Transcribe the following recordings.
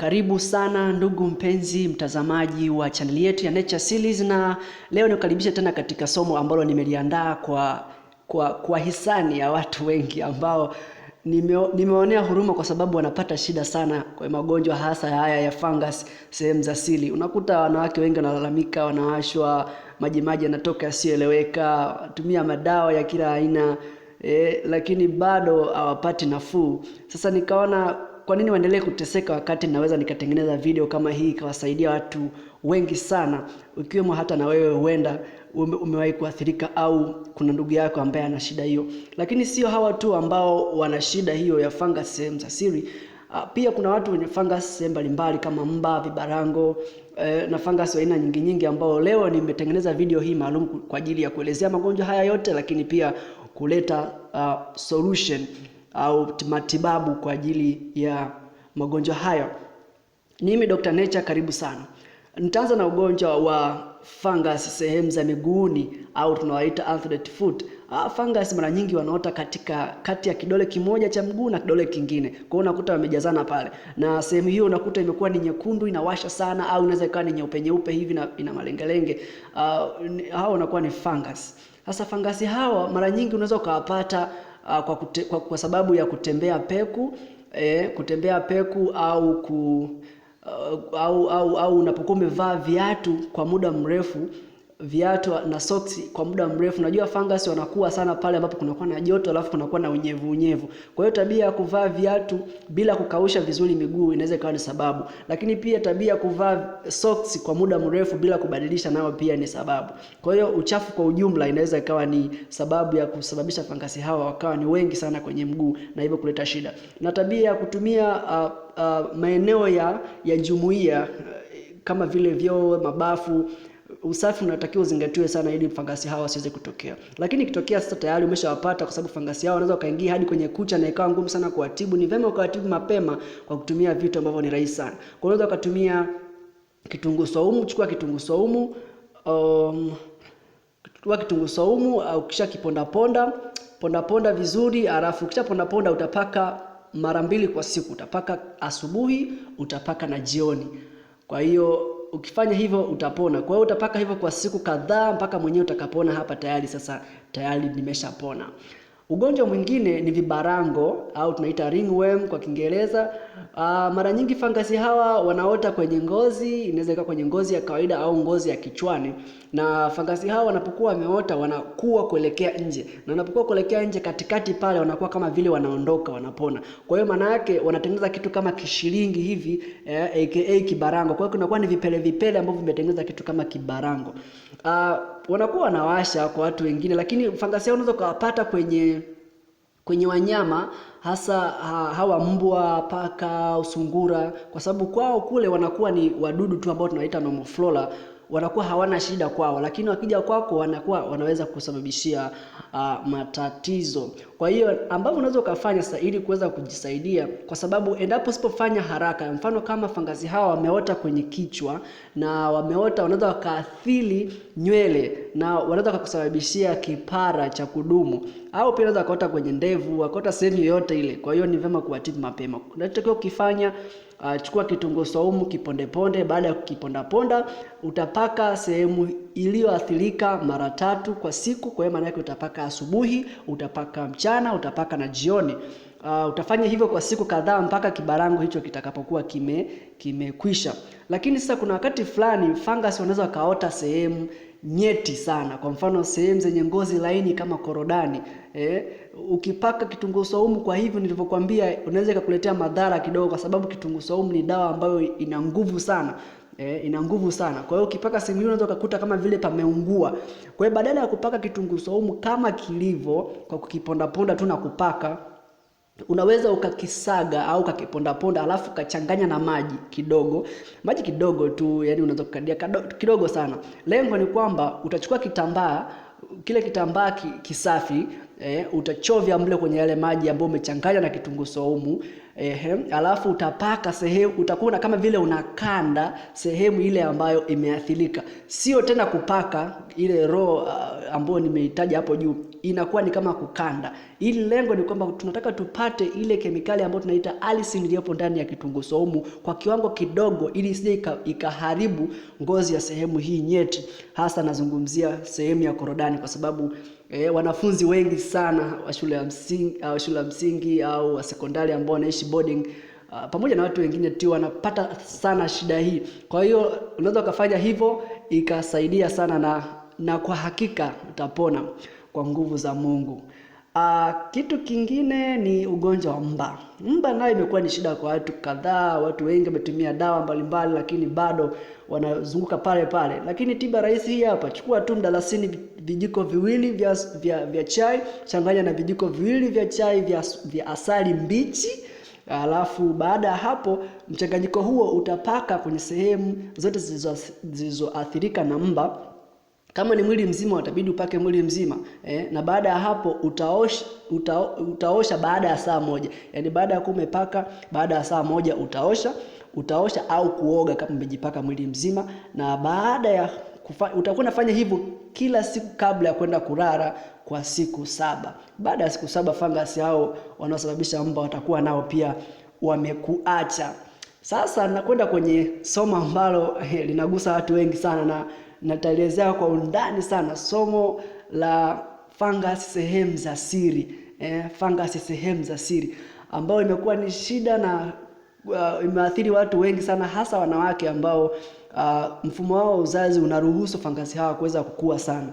Karibu sana ndugu mpenzi mtazamaji wa chaneli yetu ya Nature Series, na leo nikukaribisha tena katika somo ambalo nimeliandaa kwa, kwa, kwa hisani ya watu wengi ambao nime, nimeonea huruma kwa sababu wanapata shida sana kwa magonjwa hasa haya ya fungus sehemu za siri. Unakuta wanawake wengi wanalalamika, wanawashwa, majimaji yanatoka yasiyoeleweka, tumia madawa ya kila aina eh, lakini bado hawapati nafuu. Sasa nikaona kwa nini waendelee kuteseka wakati naweza nikatengeneza video kama hii ikawasaidia watu wengi sana, ikiwemo hata na wewe huenda umewahi kuathirika au kuna ndugu yako ambaye ana shida hiyo. Lakini sio hawa tu ambao wana shida hiyo ya fungus sehemu za siri. Ah, pia kuna watu wenye fungus sehemu mbalimbali kama mba, vibarango eh, na fungus aina nyingi nyingi, ambao leo nimetengeneza video hii maalum kwa ajili ya kuelezea magonjwa haya yote, lakini pia kuleta uh, solution au matibabu kwa ajili ya magonjwa hayo. Mimi Dr. Nature, karibu sana. Nitaanza na ugonjwa wa fungus sehemu za miguuni au tunawaita athlete foot. Ah, fungus mara nyingi wanaota katika kati ya kidole kimoja cha mguu na kidole kingine. Kwa hiyo unakuta wamejazana pale. Na sehemu hiyo unakuta imekuwa ni nyekundu inawasha sana au inaweza ikawa ni nyeupe nyeupe hivi na ina malengelenge. Ah, hao wanakuwa ni fungus. Sasa fungus hawa mara nyingi unaweza ukawapata Uh, kwa, kute, kwa, kwa sababu ya kutembea peku eh, kutembea peku au ku, uh, au, au, au unapokuwa umevaa viatu kwa muda mrefu viatu na socks kwa muda mrefu. Unajua fungus wanakuwa sana pale ambapo kunakuwa na joto alafu kunakuwa na unyevu unyevu. Kwa hiyo tabia ya kuvaa viatu bila kukausha vizuri miguu inaweza ikawa ni sababu, lakini pia tabia ya kuvaa socks kwa muda mrefu bila kubadilisha nayo pia ni sababu. Kwa hiyo uchafu kwa ujumla inaweza ikawa ni sababu ya kusababisha fungus hawa wakawa ni wengi sana kwenye mguu na hivyo kuleta shida, na tabia ya kutumia uh, uh, maeneo ya ya jumuiya kama vile vyoo, mabafu usafi unatakiwa uzingatiwe sana ili fangasi hawa wasiweze kutokea. Lakini ikitokea sasa tayari umeshawapata kwa sababu fangasi hawa wanaweza wakaingia hadi kwenye kucha na ikawa ngumu sana kuwatibu. Ni vema ukawatibu mapema kwa kutumia vitu ambavyo ni rahisi sana. Kwa hiyo ukatumia kitunguu saumu, chukua kitunguu saumu um, chukua kitunguu saumu au kisha kiponda ponda, ponda ponda vizuri, alafu kisha ponda ponda utapaka mara mbili kwa siku, utapaka asubuhi, utapaka na jioni. Kwa hiyo ukifanya hivyo utapona. Kwa hiyo utapaka hivyo kwa siku kadhaa mpaka mwenyewe utakapona hapa tayari sasa tayari nimeshapona. Ugonjwa mwingine ni vibarango au tunaita ringworm kwa Kiingereza. Uh, mara nyingi fangasi hawa wanaota kwenye ngozi, inaweza ikawa kwenye ngozi ya kawaida au ngozi ya kichwani, na fangasi hawa wanapokuwa wameota wanakuwa kuelekea nje, na wanapokuwa kuelekea nje, katikati pale wanakuwa kama vile wanaondoka, wanapona. Kwa hiyo maana yake wanatengeneza kitu kama kishilingi hivi eh, aka kibarango. Kwa hiyo kunakuwa ni vipele vipele ambavyo vimetengeneza kitu kama kibarango uh, wanakuwa wanawasha kwa watu wengine, lakini fangasi hao unaweza ukawapata kwenye kwenye wanyama hasa ha, hawa mbwa, paka, usungura kwa sababu kwao kule wanakuwa ni wadudu tu ambao tunaita normal flora wanakuwa hawana shida kwao, lakini wakija kwako wanakuwa wanaweza kusababishia uh, matatizo. Kwa hiyo ambavyo unaweza ukafanya sasa ili kuweza kujisaidia, kwa sababu endapo usipofanya haraka, mfano kama fangazi hawa wameota kwenye kichwa na wameota, wanaweza wakaathiri nywele na wanaweza wakakusababishia kipara cha kudumu au pia unaweza kuota kwenye ndevu, akaota sehemu yoyote ile. Kwa hiyo ni vyema kuwatibu mapema. Unachotakiwa kufanya uh, ah, chukua kitunguu saumu kipondeponde. Baada ya kukipondaponda, utapaka sehemu iliyoathirika mara tatu kwa siku. Kwa hiyo maana yake utapaka asubuhi, utapaka mchana, utapaka na jioni. Uh, utafanya hivyo kwa siku kadhaa mpaka kibarango hicho kitakapokuwa kime kimekwisha. Lakini sasa kuna wakati fulani fungus wanaweza wakaota sehemu nyeti sana. Kwa mfano sehemu zenye ngozi laini kama korodani eh, ukipaka kitunguu saumu kwa hivyo nilivyokuambia, unaweza ikakuletea madhara kidogo, kwa sababu kitunguu saumu ni dawa ambayo ina nguvu sana. eh, ina nguvu sana. Kwa hiyo ukipaka sehemu hiyo unaweza ukakuta kama vile pameungua. Kwa hiyo badala ya kupaka kitunguu saumu kama kilivyo kwa kukipondaponda tu na kupaka unaweza ukakisaga au ukakipondaponda alafu ukachanganya na maji kidogo, maji kidogo tu, yani unaweza kukadia kidogo sana. Lengo ni kwamba utachukua kitambaa kile kitambaa kisafi eh, utachovya mle kwenye yale maji ambayo umechanganya na kitunguu saumu eh, alafu utapaka sehemu, utakuwa kama vile unakanda sehemu ile ambayo imeathirika, sio tena kupaka ile roho ah, ambayo nimehitaji hapo juu, inakuwa ni kama kukanda. Ili lengo ni kwamba tunataka tupate ile kemikali ambayo tunaita alisin iliyopo ndani ya kitunguu saumu kwa kiwango kidogo, ili isije ikaharibu ngozi ya sehemu hii nyeti, hasa nazungumzia sehemu ya korodani kwa sababu E, wanafunzi wengi sana wa shule ya msingi au shule ya msingi au wa sekondari ambao wanaishi boarding uh, pamoja na watu wengine tu wanapata sana shida hii. Kwa hiyo unaweza ukafanya hivyo ikasaidia sana na, na kwa hakika utapona kwa nguvu za Mungu. Uh, kitu kingine ni ugonjwa wa mba. Mba nayo imekuwa ni shida kwa watu kadhaa. Watu wengi wametumia dawa mbalimbali, lakini bado wanazunguka pale pale. Lakini tiba rahisi hii hapa, chukua tu mdalasini vijiko viwili vya, vya, vya chai, changanya na vijiko viwili vya chai vya, vya asali mbichi Alafu baada ya hapo mchanganyiko huo utapaka kwenye sehemu zote zilizoathirika na mba kama ni mwili mzima utabidi upake mwili mzima eh, na baada ya hapo utaosha, uta, utaosha baada ya saa moja, yaani baada ya kuwa umepaka, baada ya saa moja utaosha utaosha au kuoga kama umejipaka mwili mzima, na baada ya utakuwa unafanya hivyo kila siku kabla ya kwenda kulala kwa siku saba. Baada ya siku saba fangasi hao wanaosababisha mba watakuwa nao pia wamekuacha. Sasa nakwenda kwenye somo ambalo eh, linagusa watu wengi sana na nitalielezea kwa undani sana somo la fungus sehemu za siri eh, fungus sehemu za siri ambayo imekuwa ni shida na uh, imeathiri watu wengi sana, hasa wanawake ambao uh, mfumo wao wa uzazi unaruhusu fangasi hawa kuweza kukua sana.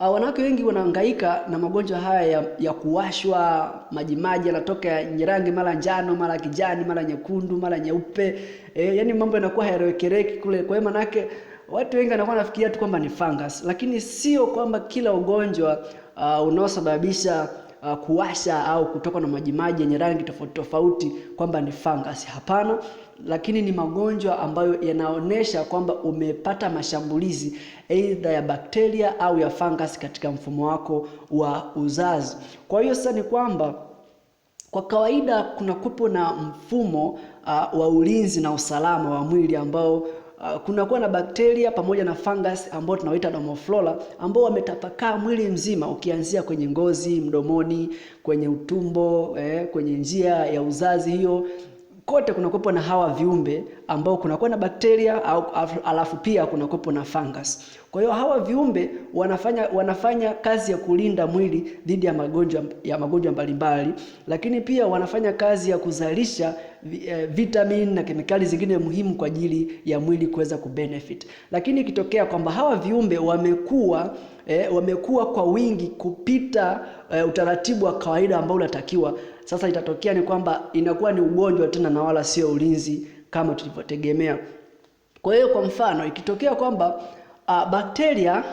Uh, wanawake wengi wanahangaika na magonjwa haya ya, ya kuwashwa, majimaji yanatoka yenye rangi mara njano mara kijani mara nyekundu mara nyeupe, eh, yani mambo yanakuwa hayaeleweki kule. Kwa hiyo manake watu wengi wanakuwa nafikiria tu kwamba ni fungus, lakini sio kwamba kila ugonjwa uh, unaosababisha uh, kuwasha au kutoka na majimaji yenye rangi tofauti tofauti kwamba ni fungus. Hapana, lakini ni magonjwa ambayo yanaonyesha kwamba umepata mashambulizi aidha ya bakteria au ya fungus katika mfumo wako wa uzazi. Kwa hiyo sasa ni kwamba kwa kawaida kuna kupo na mfumo uh, wa ulinzi na usalama wa mwili ambao Ah, kunakuwa na bakteria pamoja na fungus ambao tunawaita domoflora ambao wametapakaa mwili mzima, ukianzia kwenye ngozi, mdomoni, kwenye utumbo eh, kwenye njia ya uzazi hiyo kote kunakuwepo na hawa viumbe ambao kunakuwa na bakteria au alafu pia kunakuwepo na fungus. Kwa hiyo hawa viumbe wanafanya wanafanya kazi ya kulinda mwili dhidi ya magonjwa ya magonjwa mbalimbali, lakini pia wanafanya kazi ya kuzalisha eh, vitamini na kemikali zingine muhimu kwa ajili ya mwili kuweza kubenefit. Lakini ikitokea kwamba hawa viumbe wamekuwa eh, wamekuwa kwa wingi kupita eh, utaratibu wa kawaida ambao unatakiwa. Sasa itatokea ni kwamba inakuwa ni ugonjwa tena na wala sio ulinzi kama tulivyotegemea. Kwa hiyo kwa mfano ikitokea kwamba ah, bakteria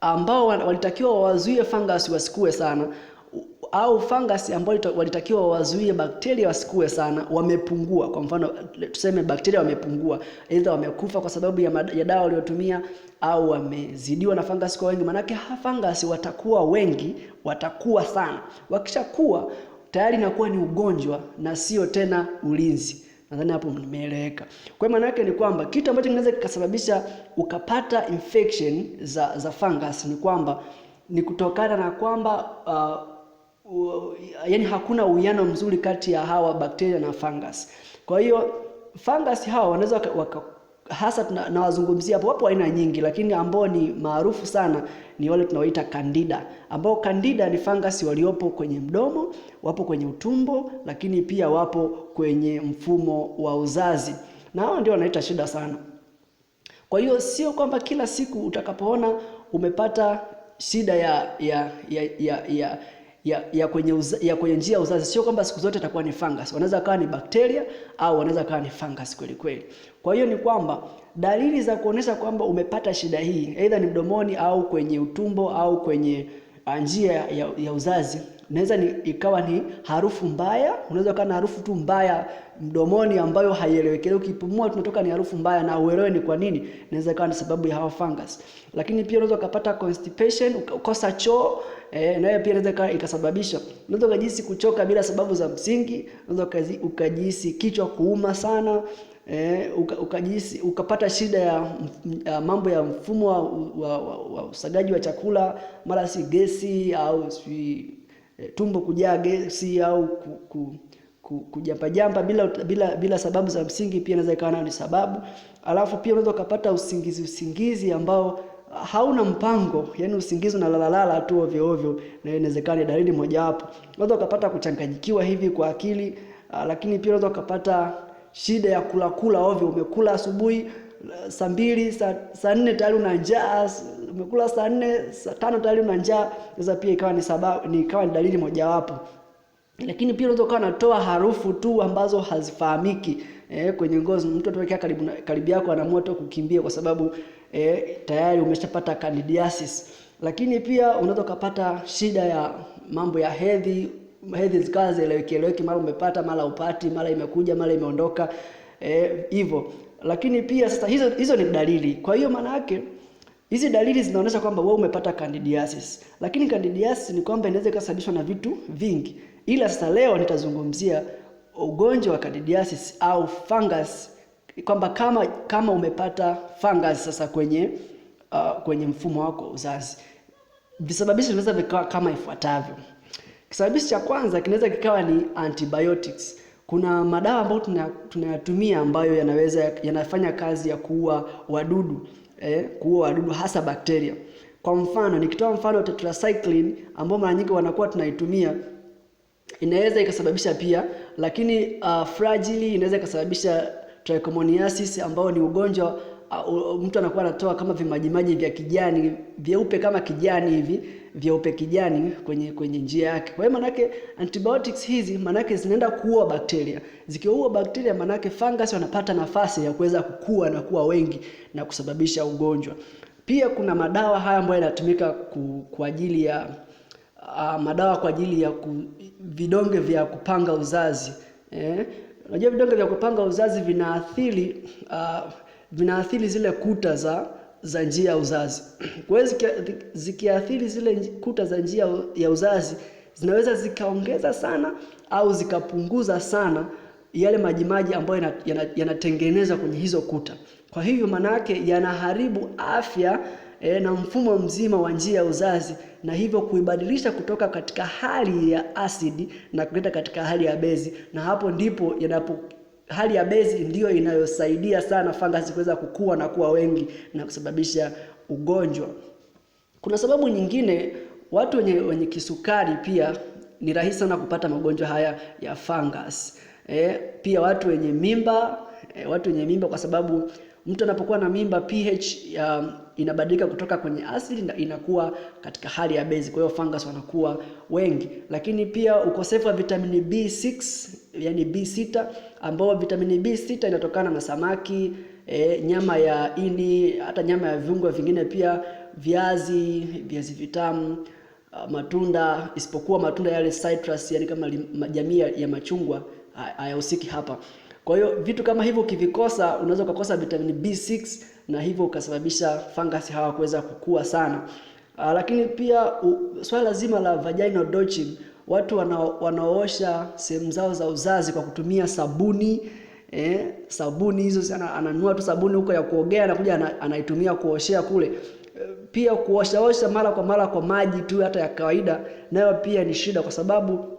ambao walitakiwa wawazuie fungus wasikue sana au fangasi ambao walitakiwa wazuie bakteria wasikue sana wamepungua. Kwa mfano tuseme bakteria wamepungua, aidha wamekufa kwa sababu ya, ya dawa waliotumia au wamezidiwa na fungus kwa wengi. Maanake fungus watakuwa wengi, watakuwa sana. Wakishakuwa tayari inakuwa ni ugonjwa na sio tena ulinzi. Nadhani hapo nimeeleweka. Kwa maana yake ni kwamba kitu ambacho kinaweza kikasababisha ukapata infection za, za fungus ni kwamba ni kutokana na kwamba uh, yani hakuna uwiano mzuri kati ya hawa bakteria na fungus. Kwa hiyo fungus hawa wanaweza hasa tunawazungumzia hapo. Wapo aina nyingi, lakini ambao ni maarufu sana ni wale tunaoita kandida, ambao kandida ni fangasi waliopo kwenye mdomo, wapo kwenye utumbo, lakini pia wapo kwenye mfumo wa uzazi, na hao ndio wanaita shida sana. Kwa hiyo sio kwamba kila siku utakapoona umepata shida ya, ya, ya, ya, ya ya, ya, kwenye uza, ya kwenye njia ya uzazi. Sio kwamba siku zote itakuwa ni fungus, wanaweza kawa ni bakteria au wanaweza kawa ni fungus kweli kweli. Kwa hiyo ni kwamba dalili za kuonesha kwamba umepata shida hii aidha ni mdomoni au kwenye utumbo au kwenye uh, njia ya, ya uzazi naweza ni, ikawa ni harufu mbaya. Unaweza ukawa na harufu tu mbaya mdomoni ambayo haieleweki, ukipumua tunatoka ni harufu mbaya na uelewe ni kwa nini. Naweza ikawa ni sababu ya hawa fungus, lakini pia unaweza ukapata constipation, ukosa choo eh, nayo pia inaweza ikasababisha, unaweza ukajihisi kuchoka bila sababu za msingi, unaweza ukajihisi kichwa kuuma sana eh, ukajihisi ukapata shida ya, ya mambo ya mfumo wa, wa, wa, wa usagaji wa chakula, mara si gesi au si eh, tumbo kujaa gesi au ku, ku, kujambajamba bila, bila, bila sababu za msingi, pia inaweza ikawa nayo ni sababu. Alafu pia unaweza ukapata usingizi usingizi ambao hauna mpango, yani usingizi unalalalala tu ovyo ovyo, na inawezekana dalili mojawapo. Unaweza ukapata kuchanganyikiwa hivi kwa akili, ah, lakini pia unaweza ukapata shida ya kula kula ovyo. Umekula asubuhi eh, saa mbili, saa nne tayari una njaa, umekula saa nne, saa tano tayari una njaa. Sasa pia ikawa ni sababu, ni ikawa ni dalili mojawapo. Lakini pia unaweza ukawa unatoa harufu tu ambazo hazifahamiki eh, kwenye ngozi. Mtu atokea karibu, karibu yako anaamua tu kukimbia kwa sababu eh, tayari umeshapata candidiasis. Lakini pia unaweza kupata shida ya mambo ya hedhi, hedhi zikawa zieleweki eleweki, mara umepata mara upati, mara imekuja mara imeondoka eh, hivyo eh, lakini pia sasa hizo hizo ni dalili. Kwa hiyo maana yake hizi dalili zinaonyesha kwamba wewe umepata candidiasis, lakini candidiasis ni kwamba inaweza ikasababishwa na vitu vingi, ila sasa leo nitazungumzia ugonjwa wa candidiasis au fungus kwamba kama, kama umepata fungus sasa kwenye, uh, kwenye mfumo wako uzazi, visababishi vinaweza vikawa kama ifuatavyo. Kisababishi cha kwanza kinaweza kikawa ni antibiotics. Kuna madawa ambayo tunayatumia ambayo yanaweza yanafanya kazi ya kuua wadudu eh, kuua wadudu hasa bakteria. Kwa mfano nikitoa mfano tetracycline ambao mara nyingi wanakuwa tunaitumia inaweza ikasababisha pia, lakini uh, fragile inaweza ikasababisha trichomoniasis ambao ni ugonjwa uh, mtu anakuwa anatoa kama vimajimaji vya kijani vyeupe kama kijani hivi vyeupe kijani kwenye kwenye njia yake. Kwa hiyo manake antibiotics hizi manake zinaenda kuua bakteria. Zikiua bakteria manake fungus wanapata nafasi ya kuweza kukua na kuwa wengi na kusababisha ugonjwa. Pia kuna madawa haya ambayo yanatumika kwa ajili ya uh, madawa kwa ajili ya ku, vidonge vya kupanga uzazi eh? Unajua vidonge vya kupanga uzazi vinaathiri uh, vinaathiri zile kuta za za njia ya uzazi. Kwa hiyo zikiathiri zile kuta za njia ya uzazi zinaweza zikaongeza sana au zikapunguza sana yale majimaji ambayo yanatengenezwa yana, yana kwenye hizo kuta. Kwa hivyo maana yake yanaharibu afya e, na mfumo mzima wa njia ya uzazi na hivyo kuibadilisha kutoka katika hali ya asidi na kuleta katika hali ya bezi, na hapo ndipo yanapo hali ya bezi ndiyo inayosaidia sana fangasi kuweza kukua na kuwa wengi na kusababisha ugonjwa. Kuna sababu nyingine, watu wenye, wenye kisukari pia ni rahisi sana kupata magonjwa haya ya fangasi. E, pia watu wenye mimba e, watu wenye mimba kwa sababu Mtu anapokuwa na mimba pH um, inabadilika kutoka kwenye asili na inakuwa katika hali ya bezi kwa hiyo fungus wanakuwa wengi. Lakini pia ukosefu wa vitamini B6 yani B6, ambao vitamini B6 inatokana na samaki e, nyama ya ini, hata nyama ya viungo vingine, pia viazi, viazi vitamu uh, matunda isipokuwa matunda yale citrus, yani kama jamii ya machungwa hayahusiki hapa. Kwa hiyo vitu kama hivyo ukivikosa, unaweza ukakosa vitamini B6 na hivyo ukasababisha fangasi hawakuweza kukua sana. Uh, lakini pia swala zima la vaginal douching, watu wanaoosha sehemu zao za uzazi kwa kutumia sabuni eh, sabuni hizo sana, ananunua tu sabuni huko ya kuogea anakuja anaitumia kuoshea kule. Pia kuoshaosha mara kwa mara kwa maji tu hata ya kawaida, nayo pia ni shida kwa sababu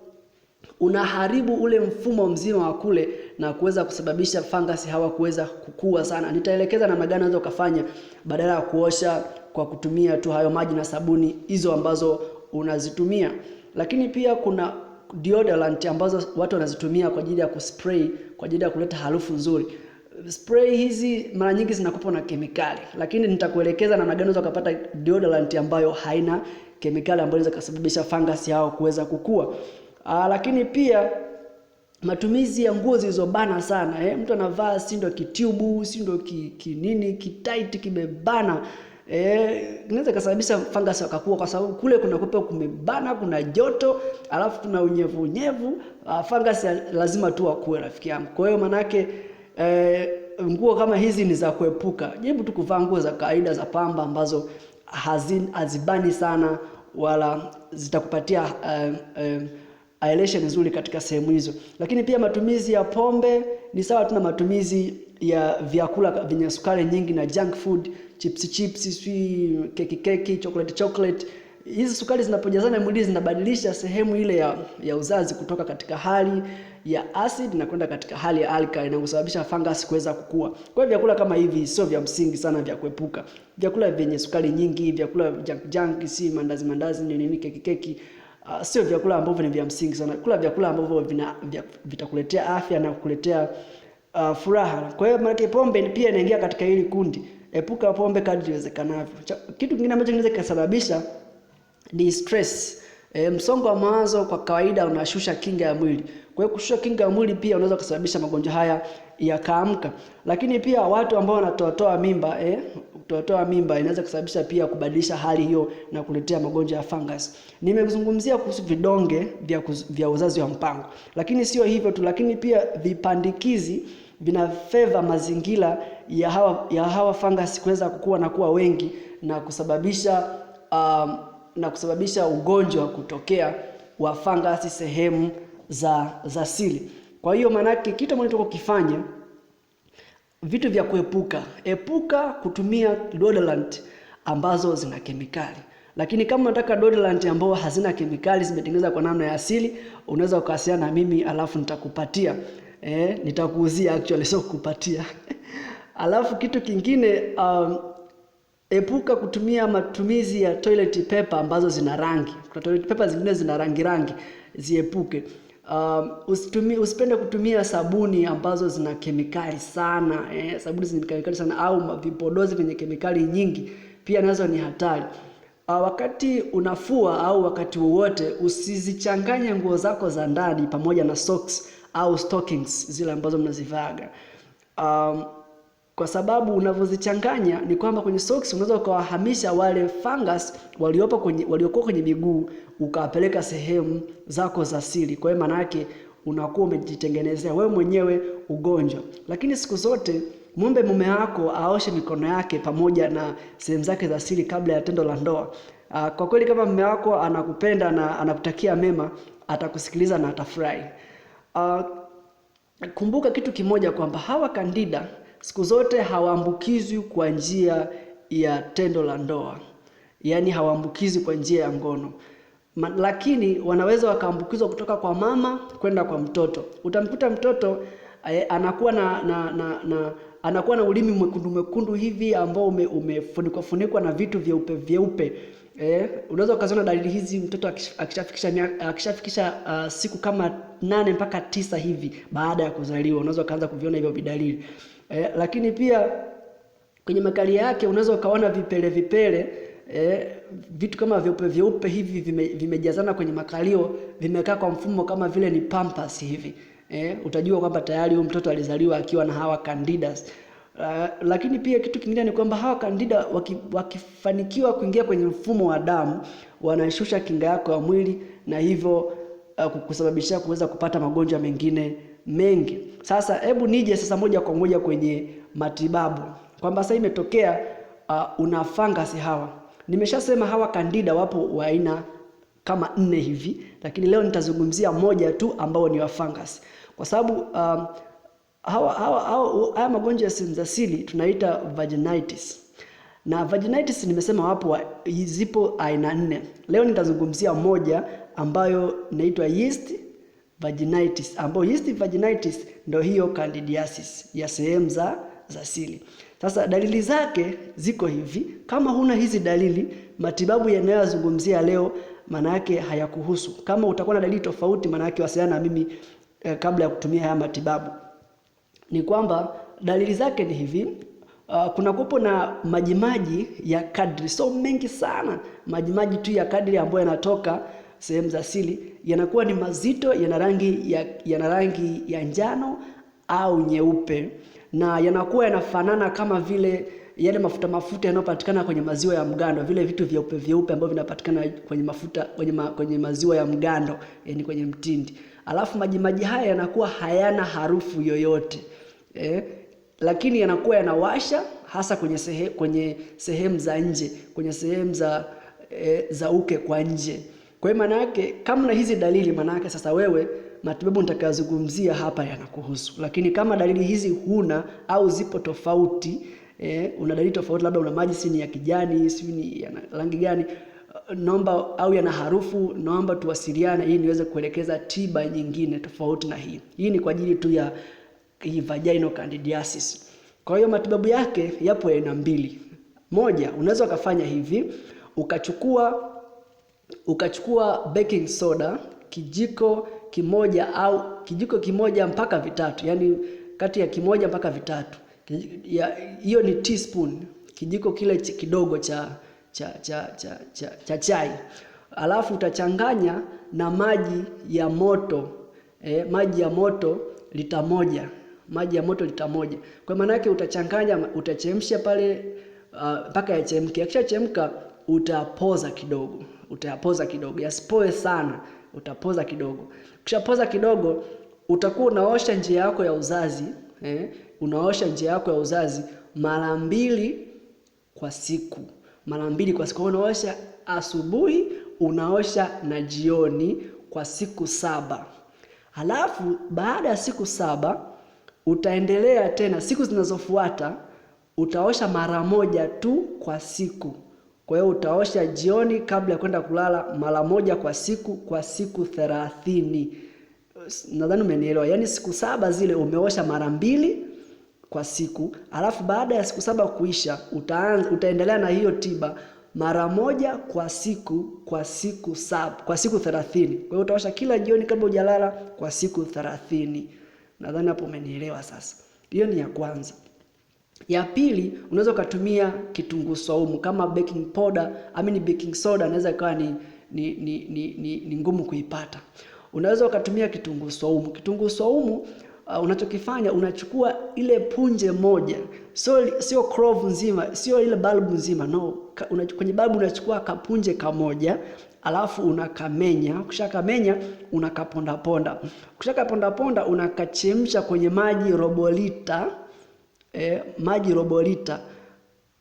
unaharibu ule mfumo mzima wa kule na kuweza kusababisha fangasi hawa kuweza kukua sana. Nitaelekeza namna gani unaweza ukafanya badala ya kuosha kwa kutumia tu hayo maji na sabuni hizo ambazo unazitumia, lakini pia kuna deodorant ambazo watu wanazitumia kwa ajili ya kuspray kwa ajili ya kuleta harufu nzuri. Spray hizi mara nyingi zinakupa na kemikali, lakini nitakuelekeza namna gani unaweza kupata deodorant ambayo haina kemikali ambayo inaweza kusababisha fangasi hao kuweza kukua. Aa, ah, lakini pia matumizi ya nguo zilizobana sana eh? Mtu anavaa si ndo kitubu si ndo kinini ki kitaiti kimebana eh, inaweza ikasababisha fangasi wakakua, kwa sababu kule kuna kupe kumebana, kuna joto, alafu kuna unyevu unyevu, ah, fangasi lazima tu wakue, rafiki yangu. Kwa hiyo manake eh, nguo kama hizi ni za kuepuka. Jaribu tu kuvaa nguo za kawaida za pamba ambazo hazin, hazibani sana wala zitakupatia eh, eh, aeleshe vizuri katika sehemu hizo. Lakini pia matumizi ya pombe ni sawa tu na matumizi ya vyakula vyenye sukari nyingi na junk food, chips chips, si keki keki, chocolate chocolate. Hizi sukari zinapojazana mwili zinabadilisha sehemu ile ya, ya uzazi kutoka katika hali ya acid na kwenda katika hali ya alkali na kusababisha fungus kuweza kukua. Kwa hiyo vyakula kama hivi sio vya msingi sana vya kuepuka. Vyakula vyenye sukari nyingi, vyakula junk junk, si mandazi mandazi, nini nini, keki keki uh, sio vyakula ambavyo ni vya msingi sana. Kula vyakula ambavyo vina vitakuletea afya na kukuletea uh, furaha. Kwa hiyo maana pombe pia inaingia katika hili kundi. Epuka pombe kadri iwezekanavyo. Kitu kingine ambacho kinaweza kusababisha ni stress. E, msongo wa mawazo kwa kawaida unashusha kinga ya mwili. Kwa hiyo kushusha kinga ya mwili pia unaweza kusababisha magonjwa haya yakaamka. Lakini pia watu ambao wanatoatoa mimba eh, kutoatoa mimba inaweza kusababisha pia kubadilisha hali hiyo na kuletea magonjwa ya fungus. Nimezungumzia kuhusu vidonge vya, vya uzazi wa mpango, lakini sio hivyo tu, lakini pia vipandikizi vinafeva mazingira ya hawa, ya hawa fungus kuweza kukua na kuwa wengi na kusababisha um, na kusababisha ugonjwa wa kutokea wa fangasi sehemu za za siri. Kwa hiyo maanake kitu ambacho kifanye vitu vya kuepuka, epuka kutumia deodorant ambazo zina kemikali. Lakini kama unataka deodorant ambao hazina kemikali, zimetengenezwa kwa namna ya asili, unaweza ukawasiliana na mimi alafu nitakupatia eh, nitakuuzia actually, sio kukupatia alafu kitu kingine um, epuka kutumia matumizi ya toilet paper ambazo zina rangi. Kuna toilet paper zingine zina rangi rangi, ziepuke. Um, usipende kutumia sabuni ambazo zina kemikali sana eh, sabuni zina kemikali sana au vipodozi vyenye kemikali nyingi pia nazo ni hatari. Uh, wakati unafua au wakati wowote usizichanganye nguo zako za ndani pamoja na socks au stockings zile ambazo mnazivaga. Um, kwa sababu unavyozichanganya ni kwamba kwenye socks unaweza ukawahamisha wale fungus waliopo kwenye waliokuwa kwenye miguu ukawapeleka sehemu zako za siri. Kwa hiyo maana yake unakuwa umejitengenezea wewe mwenyewe ugonjwa. Lakini siku zote mwombe mume wako aoshe mikono yake pamoja na sehemu zake za siri kabla ya tendo la ndoa. Ah, kwa kweli kama mume wako anakupenda na anakutakia mema, atakusikiliza na atafurahi. Ah, kumbuka kitu kimoja kwamba hawa kandida siku zote hawaambukizwi kwa njia ya tendo la ndoa, yaani hawaambukizwi kwa njia ya ngono Ma, lakini wanaweza wakaambukizwa kutoka kwa mama kwenda kwa mtoto. Utamkuta mtoto eh, anakuwa na, na, na, na anakuwa na ulimi mwekundu mwekundu hivi ambao umefunikwa funikwa na vitu vyeupe vyeupe. Eh, unaweza ukaziona dalili hizi mtoto akishafikisha akishafikisha uh, siku kama nane mpaka tisa hivi baada ya kuzaliwa, unaweza ukaanza kuviona hivyo vidalili eh, lakini pia kwenye makali yake unaweza ukaona vipele vipele eh, vitu kama vyeupe vyeupe hivi vime, vimejazana kwenye makalio vimekaa kwa mfumo kama vile ni pampas hivi eh, utajua kwamba tayari huyu mtoto alizaliwa akiwa na hawa candidas. Uh, lakini pia kitu kingine ni kwamba hawa kandida waki, wakifanikiwa kuingia kwenye mfumo wa damu wanashusha kinga yako ya mwili na hivyo uh, eh, kusababisha kuweza kupata magonjwa mengine mengi. Sasa hebu nije sasa moja kwa moja kwenye matibabu kwamba sasa imetokea uh, una fangasi hawa. Nimeshasema hawa kandida wapo wa aina kama nne hivi, lakini leo nitazungumzia moja tu ambao ni wa fangasi, kwa sababu uh, hawa, hawa, hawa, haya magonjwa ya sinzasili tunaita vaginitis na vaginitis nimesema wapo wa, zipo aina nne. Leo nitazungumzia moja ambayo inaitwa yeast vaginitis ambayo yeast vaginitis ndio hiyo candidiasis ya sehemu za za siri. Sasa dalili zake ziko hivi. Kama huna hizi dalili, matibabu yanayozungumzia leo maana yake hayakuhusu. Kama utakuwa na dalili tofauti, maana yake wasiliana na mimi eh, kabla ya kutumia haya matibabu. Ni kwamba dalili zake ni hivi. Uh, kuna kupo na majimaji ya kadri, so mengi sana majimaji tu ya kadri ambayo yanatoka sehemu za siri yanakuwa ni mazito, yana rangi ya, yana rangi ya njano au nyeupe na yanakuwa yanafanana kama vile yale mafuta mafuta yanayopatikana kwenye maziwa ya mgando, vile vitu vyeupe vyeupe ambavyo vinapatikana kwenye mafuta kwenye, ma, kwenye maziwa ya mgando, yani kwenye mtindi. Alafu majimaji haya yanakuwa hayana harufu yoyote eh? Lakini yanakuwa yanawasha hasa kwenye, sehe, kwenye sehemu za nje kwenye sehemu za, eh, za uke kwa nje. Kwa hiyo maana yake kama na hizi dalili, maana yake sasa wewe matibabu nitakayozungumzia hapa yanakuhusu, lakini kama dalili hizi huna au zipo tofauti eh, una dalili tofauti, labda una maji si ni ya kijani, si ni ya rangi gani, naomba au yana harufu, naomba tuwasiliane ili niweze kuelekeza tiba nyingine tofauti na hii. Hii ni kwa ajili tu ya hii vaginal candidiasis. Kwa hiyo matibabu yake yapo aina mbili. Moja, unaweza ukafanya hivi ukachukua ukachukua baking soda kijiko kimoja au kijiko kimoja mpaka vitatu, yani kati ya kimoja mpaka vitatu. Hiyo ni teaspoon, kijiko kile kidogo cha cha cha cha, cha, cha chai. Alafu utachanganya na maji ya moto e, maji ya moto lita moja, maji ya moto lita moja. Kwa maana yake utachanganya, utachemsha pale mpaka uh, yachemke. Akishachemka utapoza kidogo utayapoza kidogo, yasipoe sana, utapoza kidogo. Ukishapoza kidogo, utakuwa unaosha njia yako ya uzazi eh, unaosha njia yako ya uzazi mara mbili kwa siku, mara mbili kwa siku. Unaosha asubuhi, unaosha na jioni kwa siku saba. Halafu baada ya siku saba utaendelea tena, siku zinazofuata utaosha mara moja tu kwa siku. Kwa hiyo utaosha jioni kabla ya kwenda kulala mara moja kwa siku kwa siku thelathini. Nadhani umenielewa. Yaani siku saba zile umeosha mara mbili kwa siku, alafu baada ya siku saba kuisha utaanza, utaendelea na hiyo tiba mara moja kwa siku kwa siku saba, kwa siku thelathini. Kwa hiyo utaosha kila jioni kabla hujalala kwa siku thelathini. Nadhani hapo umenielewa sasa. Hiyo ni ya kwanza. Ya pili, unaweza ukatumia kitunguu saumu kama baking powder, I mean baking soda inaweza ikawa ni, ni, ni, ni, ni, ni ngumu kuipata. Unaweza ukatumia kitunguu saumu. Kitunguu saumu uh, unachokifanya unachukua ile punje moja, sio sio clove nzima, sio ile bulb nzima, no. Kwenye bulb unachukua kapunje kamoja alafu unakamenya. Ukishakamenya unakapondaponda, ukishakapondaponda unakachemsha kwenye maji robo lita eh, maji robo lita.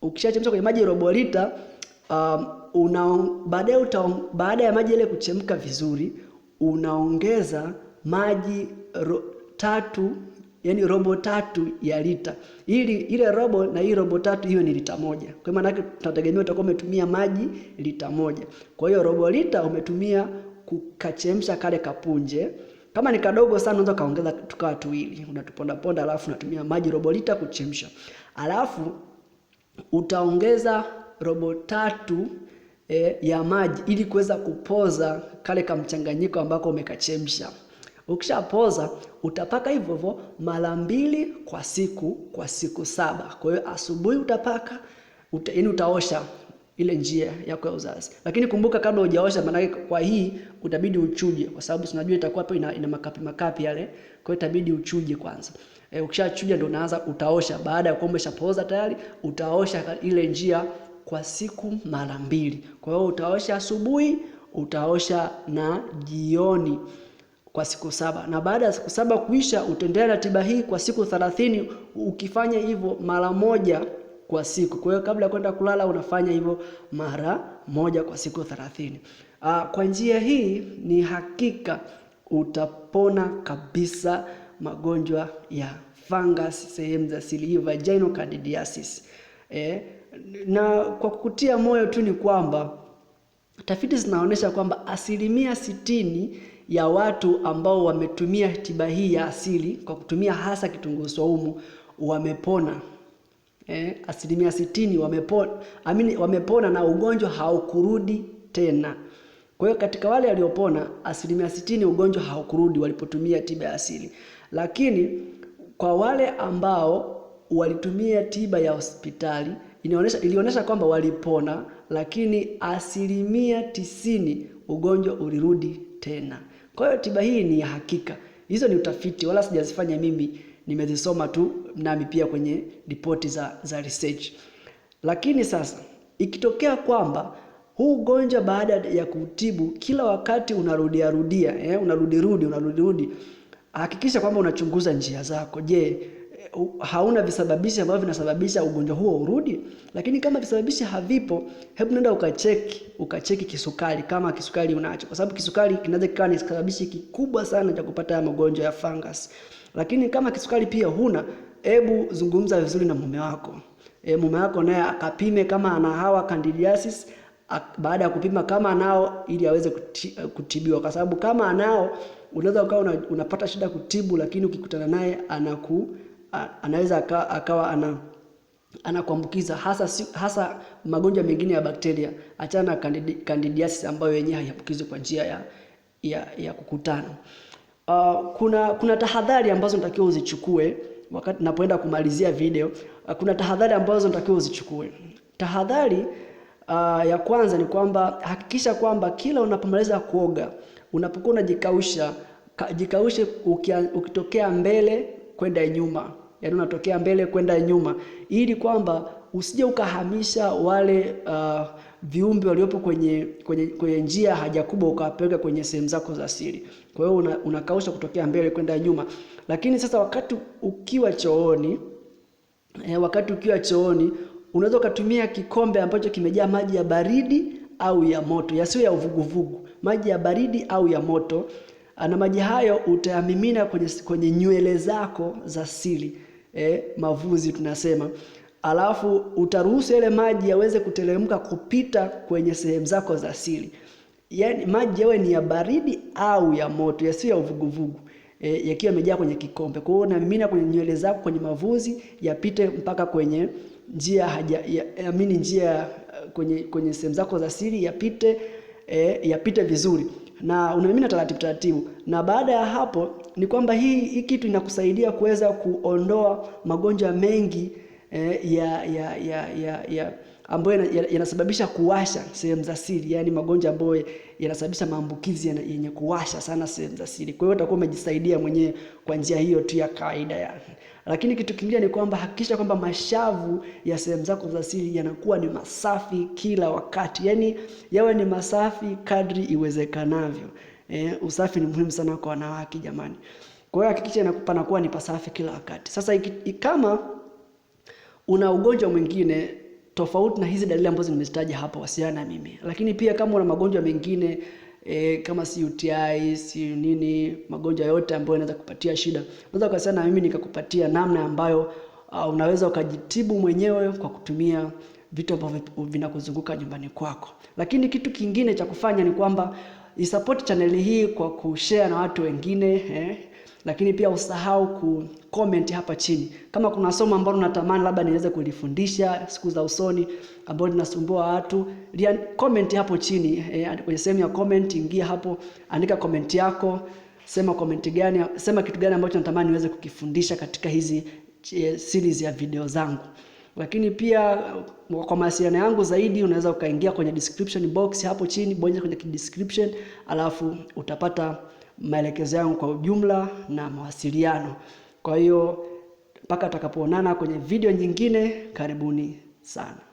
Ukishachemsha kwenye maji robo lita um, baadaye baada ya maji yale kuchemka vizuri unaongeza maji ro, tatu yani robo tatu ya lita ili ile robo na hii robo tatu hiyo ni lita moja. Kwa maana yake tunategemea utakuwa umetumia maji lita moja. Kwa hiyo robo lita umetumia kukachemsha kale kapunje. Kama ni kadogo sana unaweza kaongeza tukawa tuwili, unatuponda ponda, alafu unatumia maji robo lita kuchemsha, alafu utaongeza robo tatu e, ya maji ili kuweza kupoza kale kamchanganyiko ambako umekachemsha. Ukishapoza utapaka hivyo hivyo mara mbili kwa siku kwa siku saba. Kwa hiyo asubuhi utapaka, yaani uta, utaosha ile njia yako ya uzazi. Lakini kumbuka kabla hujaosha, maanake kwa hii utabidi uchuje, kwa sababu tunajua itakuwa hapo ina, ina makapi makapi yale, kwa hiyo itabidi uchuje kwanza. E, ukishachuja ndio unaanza utaosha. Baada ya kuomba shapoza tayari, utaosha ile njia kwa siku mara mbili. Kwa hiyo utaosha asubuhi, utaosha na jioni kwa siku saba na baada ya siku saba kuisha, utendea ratiba hii kwa siku thelathini ukifanya hivyo mara moja kwa siku. Kwa hiyo kabla ya kwenda kulala unafanya hivyo mara moja kwa siku thelathini. Ah, kwa njia hii ni hakika utapona kabisa magonjwa ya fungus sehemu za siri, vaginal candidiasis. E, na kwa kukutia moyo tu ni kwamba tafiti zinaonyesha kwamba asilimia sitini ya watu ambao wametumia tiba hii ya asili kwa kutumia hasa kitunguu saumu wamepona eh, asilimia sitini wamepona, amini, wamepona na ugonjwa haukurudi tena. Kwa hiyo katika wale waliopona asilimia sitini ugonjwa haukurudi walipotumia tiba ya asili, lakini kwa wale ambao walitumia tiba ya hospitali inaonyesha ilionyesha kwamba walipona, lakini asilimia tisini ugonjwa ulirudi tena. Kwa hiyo tiba hii ni ya hakika. Hizo ni utafiti wala sijazifanya mimi nimezisoma tu nami pia kwenye ripoti za, za research. Lakini sasa ikitokea kwamba huu ugonjwa baada ya kutibu kila wakati unarudia rudia, eh, unarudi rudi unarudi rudi, hakikisha kwamba unachunguza njia zako. Je, hauna visababishi ambavyo vinasababisha ugonjwa huo urudi? Lakini kama visababishi havipo, hebu nenda ukacheki, ukacheki kisukari kama kisukari unacho, kwa sababu kisukari kinaweza kikawa ni kisababishi kikubwa sana cha kupata magonjwa ya fungus. Lakini kama kisukari pia huna, hebu zungumza vizuri na mume wako e, mume wako naye akapime kama ana hawa candidiasis baada ya kupima kama anao ili aweze kuti, kutibiwa kwa sababu kama anao unaweza ukawa una, unapata shida kutibu, lakini ukikutana naye anaku anaweza akawa, akawa ana anakuambukiza hasa, hasa magonjwa mengine ya bakteria. Achana na candidiasis ambayo yenyewe haiambukizwi kwa njia ya, ya, ya kukutana. Uh, kuna kuna tahadhari ambazo natakiwa uzichukue wakati napoenda kumalizia video. Uh, kuna tahadhari ambazo natakiwa uzichukue. Tahadhari uh, ya kwanza ni kwamba hakikisha kwamba kila unapomaliza kuoga, unapokuwa unajikausha, jikaushe ukitokea mbele kwenda nyuma, yaani unatokea mbele kwenda nyuma, ili kwamba usije ukahamisha wale uh, viumbe waliopo kwenye, kwenye, kwenye njia haja kubwa ukawapeleka kwenye sehemu zako za siri. Kwa hiyo una, unakausha kutokea mbele kwenda nyuma. Lakini sasa wakati ukiwa chooni eh, wakati ukiwa chooni unaweza ukatumia kikombe ambacho kimejaa maji ya baridi au ya moto, yasiyo ya uvuguvugu, maji ya baridi au ya moto, ah, na maji hayo utayamimina kwenye, kwenye nywele zako za siri eh, mavuzi tunasema alafu utaruhusu yale maji yaweze kuteremka kupita kwenye sehemu zako za siri. Yani, maji yawe ni ya baridi au ya moto, yasiyo ya uvuguvugu e, yakiwa yamejaa kwenye kikombe. Kwa hiyo namimina kwenye nywele zako, kwenye mavuzi, yapite mpaka kwenye njia haja ya, amini njia uh, kwenye, kwenye sehemu zako za siri yapite, e, yapite vizuri na unamimina taratibu taratibu. Na baada ya hapo ni kwamba hii hii kitu inakusaidia kuweza kuondoa magonjwa mengi eh, ya, ya, ya, ya, ya ambayo yanasababisha kuwasha sehemu za siri, yani magonjwa ambayo yanasababisha maambukizi yenye kuwasha sana sehemu za siri. Kwa hiyo utakuwa umejisaidia mwenyewe kwa njia hiyo tu ya kawaida ya. Lakini kitu kingine ni kwamba hakikisha kwamba mashavu ya sehemu zako za siri yanakuwa ni masafi kila wakati, yani yawe ni masafi kadri iwezekanavyo. Eh, usafi ni muhimu sana kwa wanawake jamani. Kwa hiyo hakikisha panakuwa ni pasafi kila wakati. Sasa ikama iki, una ugonjwa mwingine tofauti na hizi dalili ambazo nimezitaja hapa, wasiana na mimi. Lakini pia kama una magonjwa mengine e, kama si UTI, si nini, magonjwa yote ambayo yanaweza kupatia shida, unaweza kuwasiliana na mimi nikakupatia namna ambayo uh, unaweza ukajitibu mwenyewe kwa kutumia vitu ambavyo vinakuzunguka nyumbani kwako. Lakini kitu kingine cha kufanya ni kwamba isapoti chaneli hii kwa kushare na watu wengine eh lakini pia usahau ku comment hapa chini kama kuna somo ambalo unatamani labda niweze kulifundisha siku za usoni ambalo linasumbua watu, comment hapo chini e, kwenye sehemu ya comment, ingia hapo, andika comment yako, sema comment gani, sema kitu gani ambacho natamani niweze kukifundisha katika hizi e, series ya video zangu lakini pia uh, kwa mawasiliano yangu zaidi unaweza ukaingia kwenye description box hapo chini, bonyeza kwenye description, alafu utapata maelekezo yangu kwa ujumla na mawasiliano. Kwa hiyo mpaka tutakapoonana kwenye video nyingine, karibuni sana.